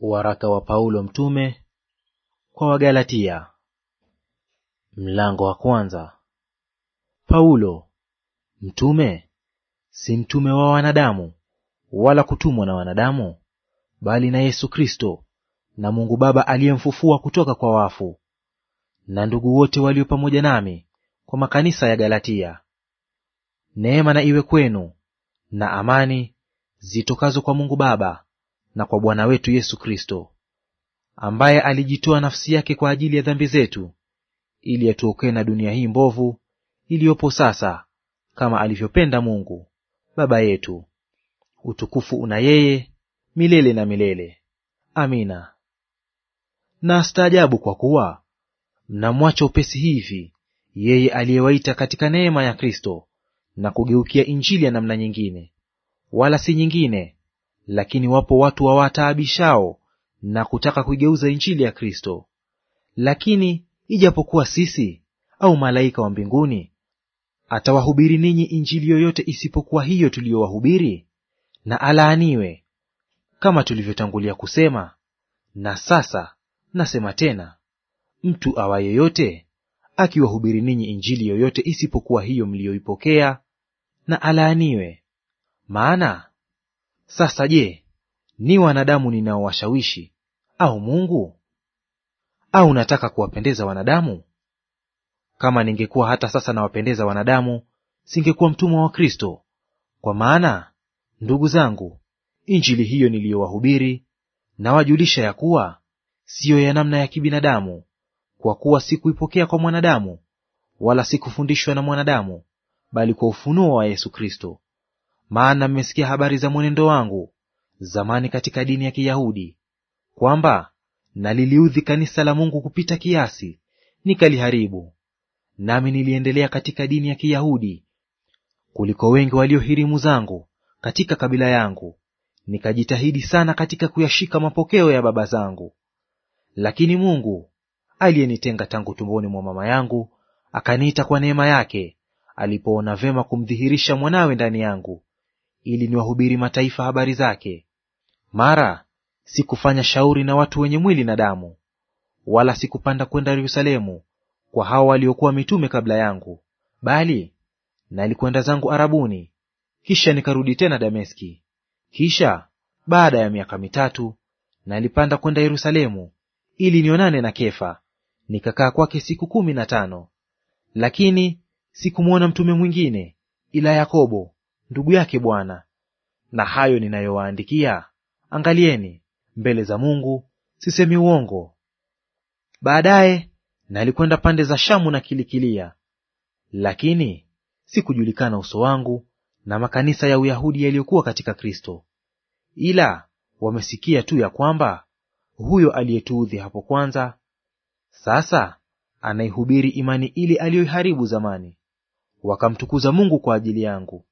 Waraka wa Paulo mtume kwa Wagalatia, mlango wa kwanza. Paulo mtume, si mtume wa wanadamu, wala kutumwa na wanadamu, bali na Yesu Kristo na Mungu Baba aliyemfufua kutoka kwa wafu, na ndugu wote walio pamoja nami kwa makanisa ya Galatia. Neema na iwe kwenu na amani zitokazo kwa Mungu Baba na kwa Bwana wetu Yesu Kristo, ambaye alijitoa nafsi yake kwa ajili ya dhambi zetu, ili atuokoe na dunia hii mbovu iliyopo sasa, kama alivyopenda Mungu Baba yetu. Utukufu una yeye milele na milele. Amina. Na staajabu kwa kuwa mnamwacha upesi hivi yeye aliyewaita katika neema ya Kristo na kugeukia injili ya namna nyingine, wala si nyingine lakini wapo watu wawataabishao na kutaka kuigeuza injili ya Kristo. Lakini ijapokuwa sisi au malaika wa mbinguni atawahubiri ninyi injili yoyote isipokuwa hiyo tuliyowahubiri, na alaaniwe. Kama tulivyotangulia kusema na sasa nasema tena, mtu awa yeyote akiwahubiri ninyi injili yoyote isipokuwa hiyo mliyoipokea, na alaaniwe. Maana sasa je, ni wanadamu ninaowashawishi au Mungu? Au nataka kuwapendeza wanadamu? Kama ningekuwa hata sasa nawapendeza wanadamu, singekuwa mtumwa wa Kristo. Kwa maana, ndugu zangu, injili hiyo niliyowahubiri nawajulisha ya kuwa siyo ya namna ya kibinadamu, kwa kuwa sikuipokea kwa mwanadamu, wala sikufundishwa na mwanadamu, bali kwa ufunuo wa Yesu Kristo. Maana mmesikia habari za mwenendo wangu zamani katika dini ya Kiyahudi, kwamba naliliudhi kanisa la Mungu kupita kiasi, nikaliharibu. Nami niliendelea katika dini ya Kiyahudi kuliko wengi waliohirimu zangu katika kabila yangu, nikajitahidi sana katika kuyashika mapokeo ya baba zangu. Lakini Mungu aliyenitenga tangu tumboni mwa mama yangu, akaniita kwa neema yake, alipoona vema kumdhihirisha mwanawe ndani yangu, ili niwahubiri mataifa habari zake. Mara sikufanya shauri na watu wenye mwili na damu, wala sikupanda kwenda Yerusalemu kwa hao waliokuwa mitume kabla yangu, bali nalikwenda zangu Arabuni, kisha nikarudi tena Dameski. Kisha baada ya miaka mitatu nalipanda kwenda Yerusalemu ili nionane na Kefa, nikakaa kwake siku kumi na tano. Lakini sikumwona mtume mwingine ila Yakobo ndugu yake Bwana. Na hayo ninayowaandikia, angalieni mbele za Mungu, sisemi uongo. Baadaye nalikwenda pande za Shamu na Kilikilia, lakini sikujulikana uso wangu na makanisa ya Uyahudi yaliyokuwa katika Kristo, ila wamesikia tu ya kwamba huyo aliyetuudhi hapo kwanza sasa anaihubiri imani ile aliyoiharibu zamani. Wakamtukuza Mungu kwa ajili yangu.